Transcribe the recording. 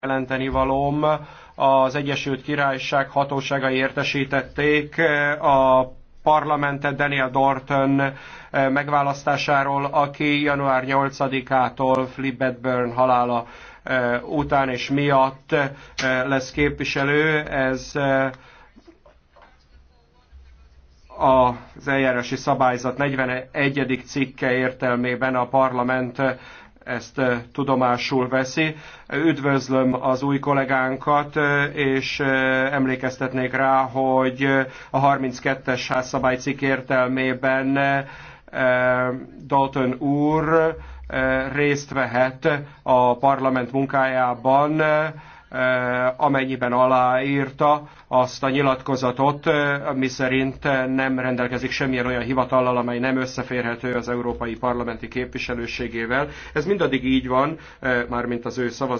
jelenteni valóm. Az Egyesült Királyság hatóságai értesítették eh, a parlamentet Daniel Dorton eh, megválasztásáról, aki január 8-ától Flip Bedburn halála eh, után és miatt lesz képviselő. Ez az eljárási szabályzat 41. cikke értelmében a parlament ezt eh, tudomásul veszi. Üdvözlöm az új kollégánkat, eh, és eh, emlékeztetnék rá, hogy a 32-es házszabálycik értelmében Dalton úr részt vehet a parlament munkájában, Eh, amennyiben aláírta azt a nyilatkozatot, eh, miszerint nem rendelkezik semmilyen olyan hivatallal, amely nem összeférhető az európai parlamenti képviselőségével. Ez mindaddig így van, eh, mármint az ő szavazatával.